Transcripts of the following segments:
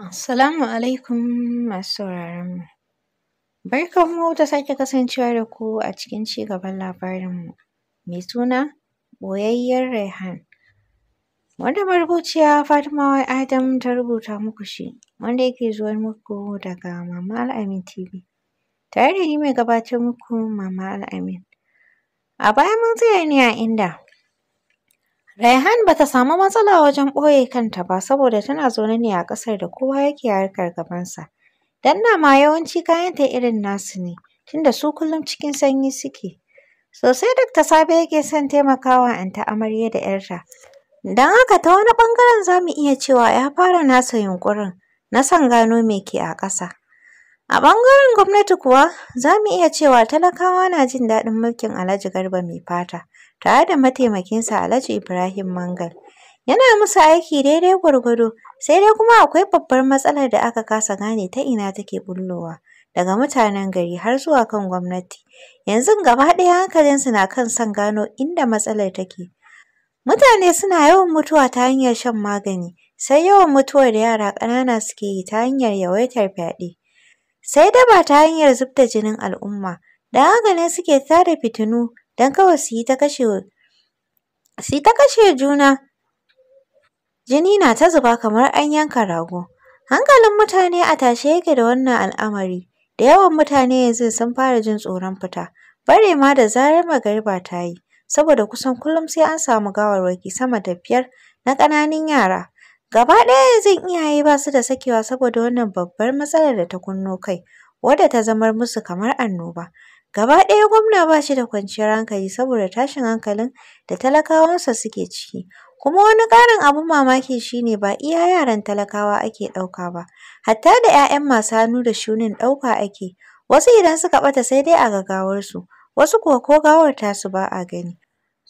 Assalamu alaikum masu sauraron mu. Barkan mu ta sake kasancewa da ku a cikin ci gaban labarin mu mai suna boyayyar Raihan. Wanda marubuciya Fatima Y Adam ta rubuta muku shi wanda yake zuwa muku daga Mama Al-Amin TV. Tare da ni mai gabatar muku Mama Al'amin. A baya mun tsaya ne a inda Raihan ba ta samu matsala wajen ɓoye kanta ba saboda tana zaune ne a ƙasar da kowa yake harkar gabansa. Dan dama yawanci kayanta irin nasu ne, tunda su kullum cikin sanyi suke. Sosai Dakta Sabe yake son taimakawa ta amarya da 'yarta. Don haka ta wani ɓangaren za mu iya cewa ya fara nasa yunƙurin na san gano me ke a ƙasa. A ɓangaren gwamnati kuwa, za mu iya cewa talakawa na jin daɗin mulkin Alhaji Garba mai fata, tare da mataimakinsa Alhaji Ibrahim Mangal. Yana musu aiki daidai gwargwado, sai dai kuma akwai babbar matsalar da aka kasa gane ta ina take bullowa, daga mutanen gari har zuwa kan gwamnati. Yanzu gaba ɗaya hankalinsu na kan son gano inda matsalar take. Mutane suna yawan mutuwa ta hanyar shan magani, sai yawan mutuwar da yara ƙanana suke yi ta hanyar yawaitar fyaɗe. Sai daba ta hanyar zubta jinin al'umma, da haka ne suke tada fitinu don kawai su yi ta kashe su ta kashe juna jini na ta zuba kamar an yanka rago hankalin mutane a tashe yake da wannan al'amari da yawan mutane yanzu sun fara jin tsoron fita bare ma da zarar magariba ta yi saboda kusan kullum sai an samu gawarwaki sama da biyar na ƙananan yara gaba ɗaya yanzu iyaye ba su da sakewa saboda wannan babbar matsalar da ta kunno kai wadda ta zamar musu kamar annoba Gaba ɗaya gwamna ba shi da kwanciyar hankali saboda tashin hankalin da talakawansa suke ciki. Kuma wani ƙarin abin mamaki shine ba iya yaran talakawa ake ɗauka ba, hatta da 'ya'yan masu hannu da shunin ɗauka ake. Wasu idan suka ɓata sai dai a ga gawarsu, wasu kuwa ko gawar tasu ba a gani.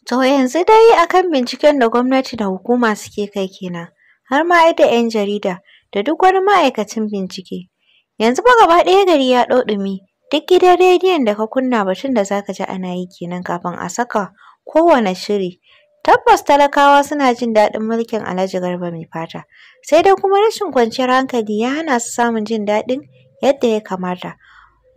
To yanzu dai a kan binciken da gwamnati da hukuma suke kai kenan, har ma ai da 'yan jarida da duk wani ma'aikacin bincike. Yanzu ba gaba ɗaya gari ya ɗau ɗumi. Duk gidan rediyon da ka kunna batun da za ka ji ana yi kenan kafin a saka kowane shiri. Tabbas talakawa suna jin daɗin mulkin Alhaji Garba mai fata, sai dai kuma rashin kwanciyar hankali ya hana su samun jin daɗin yadda ya kamata.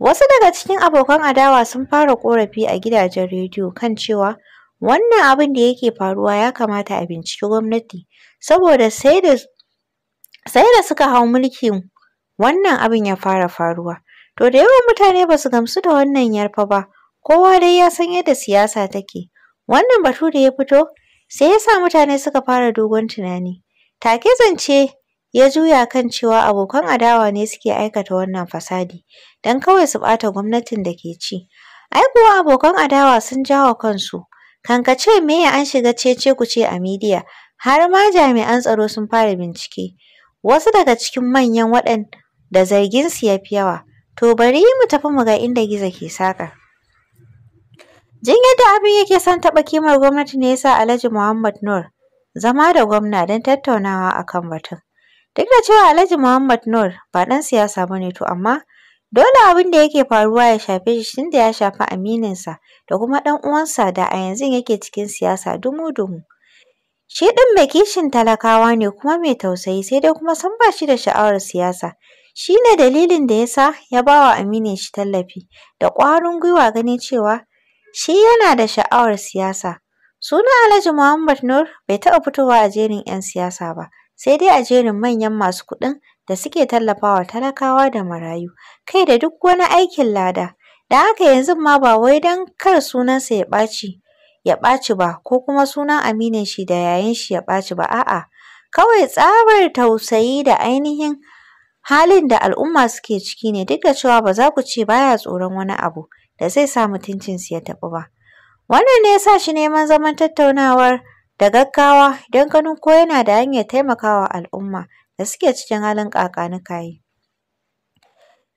Wasu daga cikin abokan adawa sun fara korafi a gidajen rediyo kan cewa wannan abin da yake faruwa ya kamata a binciki gwamnati saboda sai da suka hau mulkin wannan abin ya fara faruwa. To da yawan mutane ba su gamsu da wannan yarfa ba, kowa dai ya san yadda siyasa take. Wannan batu da ya fito sai ya sa mutane suka fara dogon tunani. Take zance ya juya kan cewa abokan adawa ne suke aikata wannan fasadi don kawai su ɓata gwamnatin da ke ci. Ai kuwa abokan adawa sun jawo kansu. Kankace meye an shiga cece-kuce a midiya, har ma jami'an tsaro sun fara bincike. Wasu daga cikin manyan waɗanda zarginsu ya fi yawa To bari mu tafi mu ga inda gizo ke saƙa. Jin yadda abin yake son taɓa kimar gwamnati ne yasa Alhaji Muhammad Nur zama da gwamna don tattaunawa akan batun. Duk da cewa Alhaji Muhammad Nur ba ɗan siyasa ba to amma dole abin da yake faruwa ya shafe shi da ya shafi amininsa da kuma ɗan uwansa da a yanzu yake cikin siyasa dumu-dumu. Shi ɗin mai kishin talakawa ne kuma mai tausayi sai dai kuma san ba shi da sha'awar siyasa. Shi ne dalilin da ya sa ya ba wa aminin shi tallafi da ƙwarin gwiwa ganin cewa shi yana da sha'awar siyasa. Suna Alhaji Muhammad Nur bai taɓa fitowa a jerin 'yan siyasa ba, sai dai a jerin manyan masu kuɗin da suke tallafawa talakawa da marayu, kai da duk wani aikin lada. Da haka yanzu ma ba wai don kar sunansa ya ɓaci ya ɓaci ba ko kuma sunan aminin shi da yayin shi ya ɓaci ba a'a kawai tsabar tausayi da ainihin halin da al'umma suke ciki ne duk da cewa ba za ku ce baya tsoron wani abu da zai sa mutuncin su ya taɓu ba. Wannan ne ya sa shi neman zaman tattaunawar da gaggawa don ganin ko yana da hanyar taimakawa al'umma da suke cikin halin ƙaƙanikayi.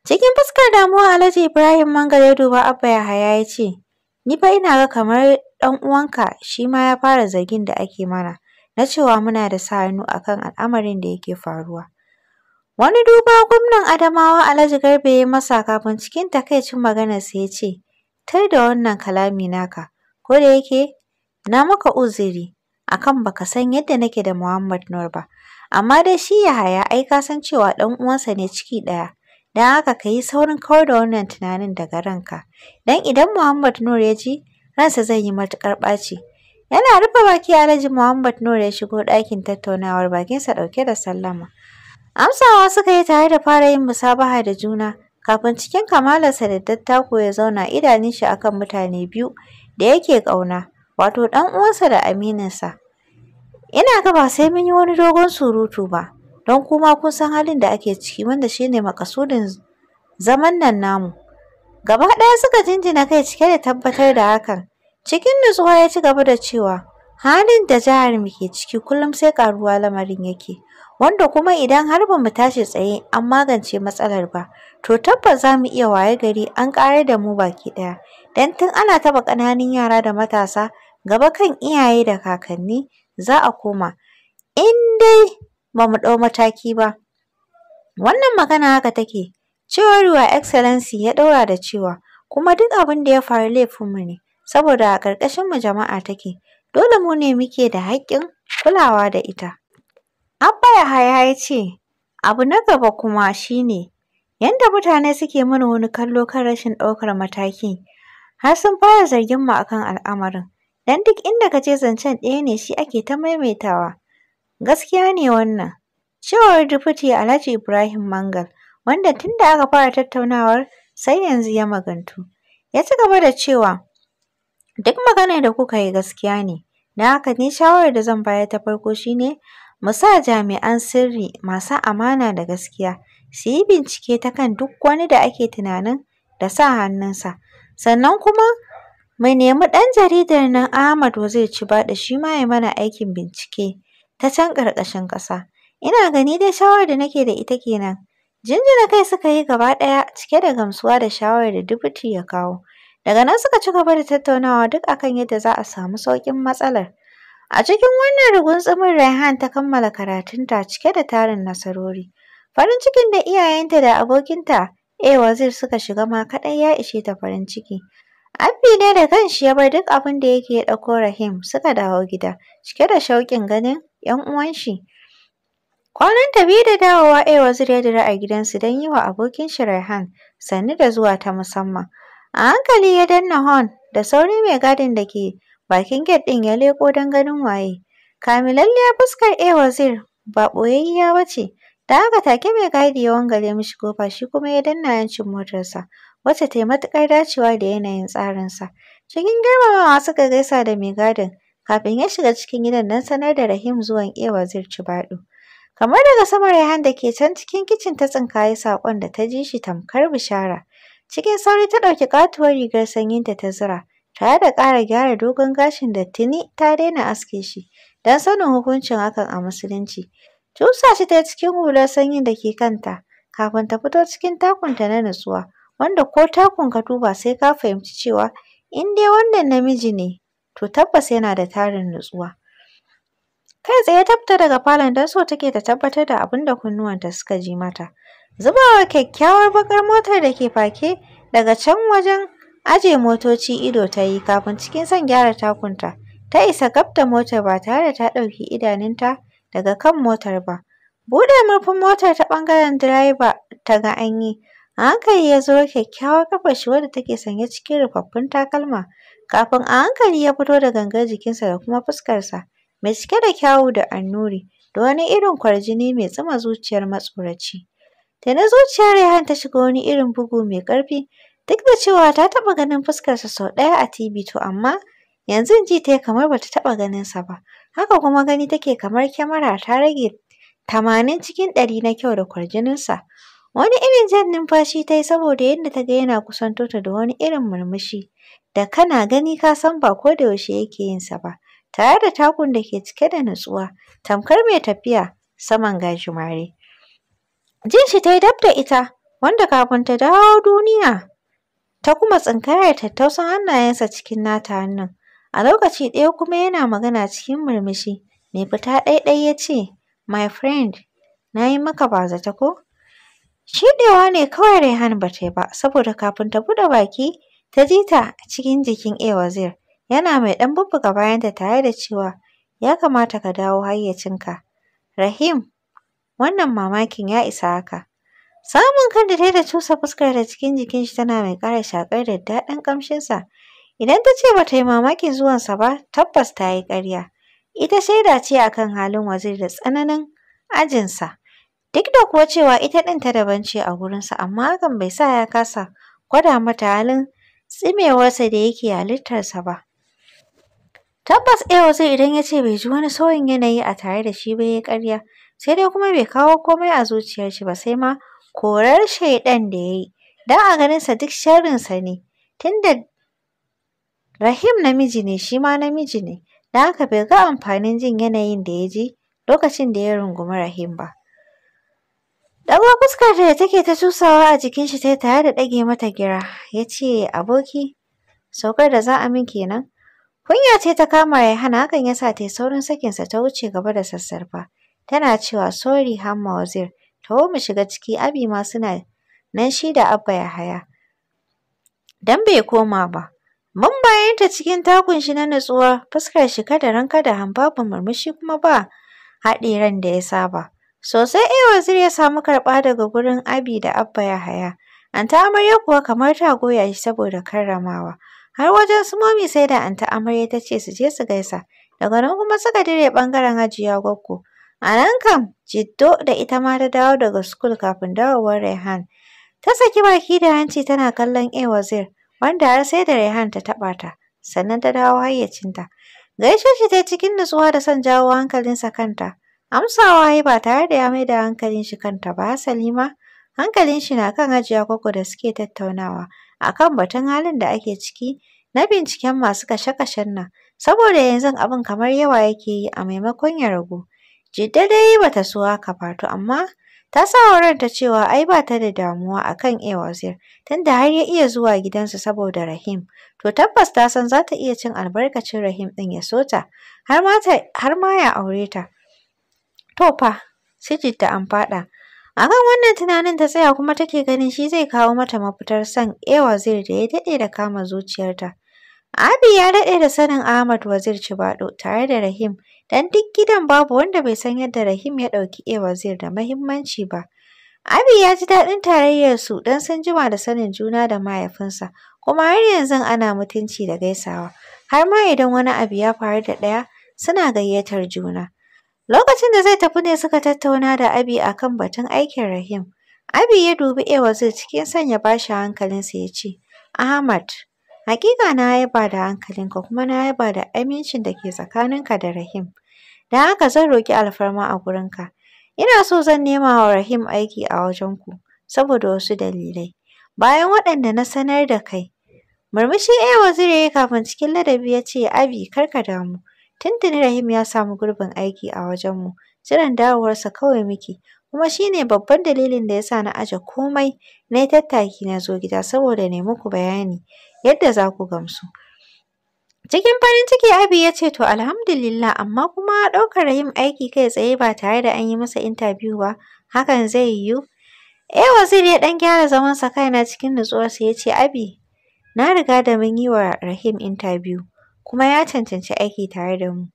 Cikin fuskar damuwa Alhaji Ibrahim Mangal ya duba Abba Yahaya ya ce, Ni fa ina ga kamar 'dan uwanka shi ma ya fara zargin da ake mana na cewa muna da sa hannu akan al'amarin da yake faruwa. Wani duba gwamnan Adamawa Alhaji Garba ya masa kafin cikin takaicin maganarsa ya ce, Tai da wannan kalami naka, ko da yake na maka uzuri a kan ba ka san yadda nake da Muhammad Nur ba, amma dai shi Yahaya ai ka san cewa ɗan uwansa ne ciki ɗaya. Don haka ka yi saurin kawar da wannan tunanin daga ranka, don idan Muhammad Nur ya ji, ransa zai yi matuƙar ɓaci. Yana rufe baki Alhaji Muhammad Nur ya shigo ɗakin tattaunawar bakinsa ɗauke da sallama. Amsawa suka yi tare da fara yin musabaha da juna kafin cikin kamalarsa da dattako ya zauna idanun shi akan mutane biyu da yake ƙauna wato ɗan uwansa da amininsa. Ina ga ba sai mun yi wani dogon surutu ba don kuma kun san halin da ake ciki wanda shine makasudin zaman nan namu. Gaba ɗaya suka jinjina kai cike da tabbatar da hakan. Cikin nutsuwa ya ci gaba da cewa halin da jihar mu ke ciki kullum sai ƙaruwa lamarin yake. wanda kuma idan har ba mu tashi tsaye an magance matsalar ba to tabbas za mu iya waye gari an ƙare da mu baki ɗaya don tun ana taɓa ƙananan yara da matasa gaba kan iyaye da kakanni za a koma in dai ba mu ɗau mataki ba wannan magana haka take cewar wa excellency ya ɗaura da cewa kuma duk abin da ya faru laifinmu ne saboda a ƙarƙashinmu jama'a take dole mu ne muke da haƙƙin kulawa da ita Abba Yahaya ya ce, abu na gaba kuma shi ne, yadda mutane suke mana wani kallo kan rashin ɗaukar mataki, har sun fara zargin mu akan al'amarin, Dan duk inda ka je zancen ɗaya ne shi ake ta maimaitawa. Gaskiya ne wannan, cewar Dufiti Alhaji Ibrahim Mangal, wanda tun da aka fara tattaunawar sai yanzu ya magantu. Ya ci gaba da cewa, duk maganar da kuka yi gaskiya ne, don haka ni shawarar da zan bayar ta farko shi ne mu sa jami'an sirri masu amana da gaskiya su yi bincike ta kan duk wani da ake tunanin da sa hannunsa sannan kuma mu nemi ɗan jaridar nan Ahmad da shi ma ya mana aikin bincike ta can ƙarƙashin ƙasa ina gani dai shawarar da nake da ita kenan jinjina kai suka yi gaba ɗaya cike da gamsuwa da shawarar da dubutu ya kawo daga nan suka ci gaba da tattaunawa duk akan yadda za a samu sauƙin matsalar A cikin wannan tsumin Raihan ta kammala karatunta cike da tarin nasarori. Farin cikin da iyayenta da abokinta A Wazir suka shiga ma kaɗai ya ishe ta farin ciki. Abbi ne da kanshi ya bar duk abin da yake ya ɗauko Rahim suka dawo gida cike da shauƙin ganin 'yan uwanshi. shi. Kwananta biyu da dawowa A Wazir ya dira a gidansu don yi wa abokin shi Raihan sannu da zuwa ta musamman. A hankali ya danna hon da sauri mai gadin da ke Bakin gate ɗin ya leƙo don ganin waye. ya fuskar A eh, Wazir ba ɓoyayya ba ce, da haka take mai gadi ya wangale mishi kofa shi kuma ya danna 'yancin motarsa, wacce ta yi matuƙar dacewa da yanayin tsarinsa. Cikin girmamawa suka gaisa da mai gadin, kafin ya shiga cikin gidan don sanar da Rahim zuwan A eh, Wazir Cibaɗo. Kamar daga sama Rehan da ke can cikin kicin ta tsinkaye saƙon da ta ji shi tamkar bishara. Cikin sauri ta ɗauki ƙatuwar rigar sanyinta ta zura. tare da ƙara gyara dogon gashin da tuni ta daina aske shi don sanin hukuncin hakan a musulunci. Cusa shi ta cikin hular sanyin da ke kanta kafin ta fito cikin takunta na nutsuwa, wanda ko takun ka duba sai ka fahimci cewa in dai wannan namiji ne to tabbas yana da tarin nutsuwa. Kai tsaye ta fita daga falon don so take ta tabbatar da abin da kunnuwanta suka ji mata. Zubawar kyakkyawar baƙar motar da ke fake daga can wajen Aje motoci ido ta yi kafin cikin son gyara takunta. Ta isa gabta da motar ba tare da ta ɗauki idanunta daga kan motar ba. Buɗe murfin motar ta ɓangaren direba ta ga an yi. A hankali ya zo kyakkyawar ƙafar shi wadda take sanye cikin rufaffun takalma. Kafin a hankali ya fito da gangar jikinsa da kuma fuskarsa mai cike da kyawu da annuri da wani irin kwarjini mai tsuma zuciyar matsoraci. na zuciyar Rayhan ta shiga wani irin bugu mai ƙarfi Duk da cewa ta taɓa ganin fuskarsa sau ɗaya a TV to amma yanzu ji ta yi kamar bata taɓa ganinsa ba. Haka kuma gani take kamar kyamara ta rage tamanin cikin ɗari na kyau da kwarjininsa. Wani irin jan numfashi ta yi saboda yadda ta ga yana kusanto ta da wani irin murmushi da kana gani ka san ba ko da yaushe yake yinsa ba. Tare da takun da ke cike da nutsuwa, tamkar mai tafiya saman gajimare. Jin shi ta yi dab da ita, wanda kafin ta dawo duniya ta kuma tsinkayar tattausan hannayensa cikin nata hannun. A lokaci ɗaya kuma yana magana cikin murmushi mai fita ɗaiɗai ya ce, My friend, na yi maka ba bazata ko? Shiɗewa ne kawai Rehan ba ta yi ba saboda kafin ta buɗe baki ta ji ta cikin jikin A-wazir. yana mai ɗan bubbuga bayanta tare da cewa ya kamata ka dawo hayyacinka. Rahim, wannan mamakin ya isa haka. Samun kan da ta da cusa fuskar da cikin jikin shi tana mai ƙara shakar da daɗin ƙamshinsa. Idan ta ce ba ta yi mamakin zuwansa ba, tabbas ta yi ƙarya. Ita shaida ce a kan halin Wazir da tsananin ajinsa. Duk da kuwa cewa ita ɗin ta daban ce a gurinsa, amma hakan bai sa ya kasa gwada mata halin tsimewarsa da yake halittarsa ba. Tabbas eh Wazir idan ya ce bai ji wani sauyin yanayi a tare da shi ba ya yi ƙarya, sai dai kuma bai kawo komai a zuciyar shi ba sai ma korar shaiɗan da ya yi don a ganinsa duk sharrinsa ne tun da Rahim namiji ne shi ma namiji ne da aka bai ga amfanin jin yanayin da ya ji lokacin da ya rungumi Rahim ba. Ɗago fuskar da take ta cusawa a jikin shi ta tare da ɗage mata gira ya ce aboki saukar da za a min kenan. Kunya ce ta kama Yahana hakan ya sa ta yi saurin sakinsa ta wuce gaba da sassarfa tana cewa sorry Hamma Wazir taho mu shiga ciki abi ma suna nan shi da abba yahaya dan bai koma ba mun bayan ta cikin takun shi na nutsuwa fuskar shi kada ranka da babu murmushi kuma ba haɗiran ran da ya saba sosai eh wazir ya samu karɓa daga gurin abi da abba yahaya anta amarya kuwa kamar ta goya shi saboda karramawa har wajen su momi sai da anta amarya ta ce su je su gaisa daga nan kuma suka dire ɓangaren hajiya gwaggo A nan kam Jiddo da ita ma ta dawo daga school kafin dawowar Rehan. Ta saki baki da hanci tana kallon A Wazir wanda har sai da Rehan ta taɓa ta sannan ta dawo hayyacinta. Gaishe shi ta cikin nutsuwa da son jawo hankalinsa kanta. Amsawa yi ba tare da ya mai da hankalin shi kanta ba Salima? hankalin shi na kan ajiya koko da suke tattaunawa a kan batun halin da ake ciki na binciken masu kashe-kashen nan saboda yanzu abin kamar yawa yake yi a maimakon ya ragu. Jidda dai bata so haka ba to amma ta sa wa ranta cewa ai ba ta da damuwa akan A Wazir tunda har ya iya zuwa gidansa saboda Rahim to tabbas ta san za ta iya cin albarkacin Rahim ɗin ya sota? ta har ma ya aure ta. To fa sai Jidda an faɗa. akan wannan tunanin ta tsaya kuma take ganin shi zai kawo mata mafitar son A Wazir da ya daɗe da kama zuciyarta. Abi ya daɗe da sanin Ahmad Wazir Cibaɗo tare da Rahim don duk gidan babu wanda bai san yadda Rahim ya ɗauki e Wazir da mahimmanci ba. Abi ya ji daɗin su don sun jima da sanin juna da mahaifinsa, kuma har yanzu ana mutunci da gaisawa, har ma idan wani abu ya faru da ɗaya suna gayyatar juna. Lokacin da zai tafi ne suka tattauna da Abi a kan batun aikin Rahim. Abi ya dubi A Wazir cikin sanya bashi hankalinsa ya ce, Ahmad, Haƙiƙa na yaba da hankalinka kuma na yaba da amincin da ke tsakaninka da Rahim. da haka zan roƙi alfarma a gurinka. Ina so zan nema wa Rahim aiki a wajen ku saboda wasu dalilai. Bayan waɗanda na sanar da kai. Murmushi A eh, Waziri ya kafin cikin ladabi ya ce Abi kar ka damu. Tuntuni Rahim ya samu gurbin aiki a wajenmu. Jiran dawowarsa kawai muke. kuma shi ne babban dalilin da ya sa na aje komai na yi tattaki na zo gida saboda ne muku bayani yadda za ku gamsu. Cikin farin ciki Abi ya ce to alhamdulillah amma kuma ɗaukar yin aiki kai tsaye ba tare da an yi masa intabiyu ba hakan zai yiwu. Eh Wazir ya ɗan gyara zamansa kaina cikin nutsuwarsa ya ce Abi na riga da mun yi wa Rahim intabiyu kuma ya cancanci aiki tare da mu.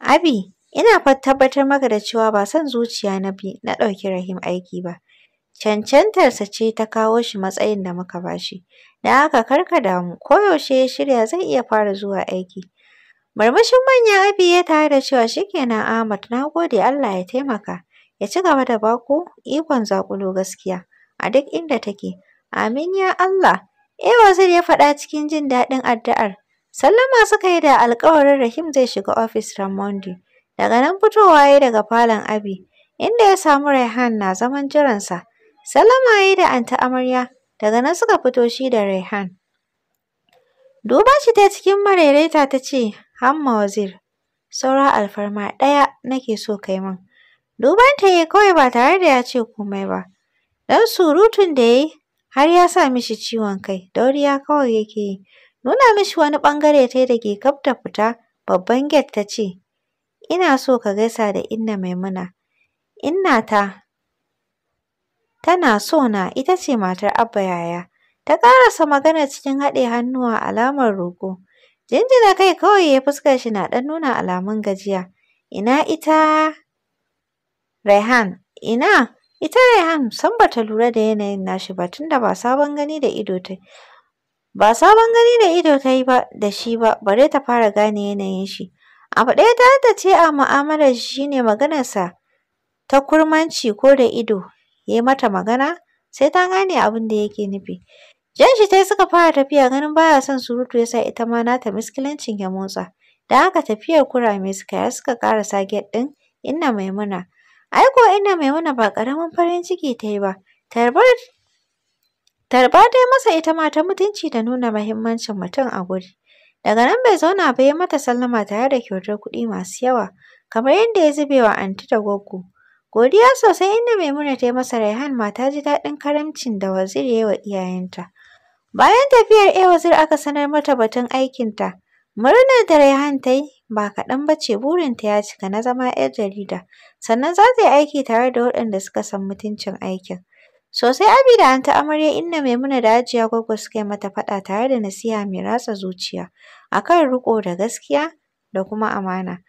Abi ina fa tabbatar maka da cewa ba son zuciya na na ɗauki Rahim aiki ba. cancantarsa ce ta kawo shi matsayin da muka bashi. shi, don haka kar ka damu, koyaushe ya shirya zai iya fara zuwa aiki. Murmushin manya Abi ya tare da cewa shi kenan Ahmad na gode Allah ya taimaka, ya ci gaba da ba ikon zaƙulo gaskiya a duk inda take. Amin ya Allah. Eh Wazir ya faɗa cikin jin daɗin addu'ar. Sallama suka yi da alƙawarin Rahim zai shiga ofis ran Monday. Daga nan fitowa ya daga falon Abi, inda ya samu Raihan na zaman jiransa. Salama ya yi da anti amarya, daga nan suka fito shi da Raihan. Duba shi ta cikin marereta ta ce, Hamma Wazir, saura alfarma ɗaya nake so kai min. Duban ta yi kawai ba tare da ya ce komai ba. Dan surutun da ya yi har ya sa mishi ciwon kai, dauriya kawai yake yi. Nuna mishi wani ɓangare ta da ke gab da fita babban get ta ce, Ina so ka gaisa da Inna Maimuna. Inna ta tana so na ita ce matar Abba yaya. Ta ƙarasa magana cikin haɗe hannuwa alamar roƙo. Jinjina kai kawai ya fuskar shi na ɗan nuna alamun gajiya. Ina ita Raihan, ina ita rehan san ba lura da yanayin nashi ba tunda ba sabon gani da ido ta ba sabon gani da ido ta yi ba da shi ba bare ta fara gane yanayin shi. Abu ɗaya ta ce a mu'amalar shi ne maganarsa ta kurmanci ko da ido ya yi mata magana sai ta gane abin da yake nufi. Jan shi tai suka fara tafiya ganin baya son surutu ya sa ita ma nata miskilancin ya motsa. Da haka tafiyar kurame suka ya suka sa get ɗin Inna Maimuna. Ai Inna Maimuna ba ƙaramin farin ciki ta yi ba. Tarba dai masa ita ma ta mutunci da nuna mahimmancin mutum a guri. Daga nan bai zauna ba ya mata sallama tare da kyautar kuɗi masu yawa, kamar yadda ya zube wa anti da goggo Godiya sosai inda Maimuna ta yi masa Raihan ma ta ji daɗin karamcin da Wazir ya yi wa iyayenta. Bayan tafiyar A eh, Wazir aka sanar mata batun aikinta. Murnar da Raihan ta yi ba kaɗan ba ce burinta ya cika na zama 'yar jarida, sannan za ta yi aiki tare da waɗanda suka san mutuncin aikin. Sosai Abi da Anta Amarya inna Maimuna da Hajiya Gwaggo suka yi mata faɗa tare da nasiha mai ratsa zuciya akan riƙo da gaskiya da kuma amana.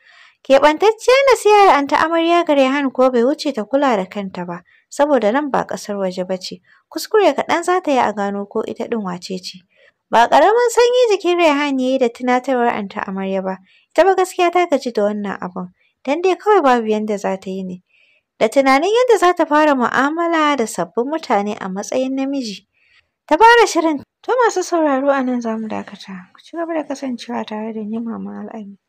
Keɓantacciyar nasihar ta amarya ga Rehan ko bai wuce ta kula da kanta ba, saboda nan ba ƙasar waje ba ce. Kuskure kaɗan za ta yi a gano ko ita ɗin wace ce. Ba ƙaramin sanyi jikin Rehan ya yi da tunatarwar ta amarya ba, ita ba gaskiya ta gaji da wannan abun, don dai kawai babu yadda za ta yi ne. Da tunanin yadda za ta fara mu'amala da sabbin mutane a matsayin namiji. Ta fara shirin. To masu sauraro a nan za mu dakata. Ku ci gaba da kasancewa tare da ni Mama al'ayi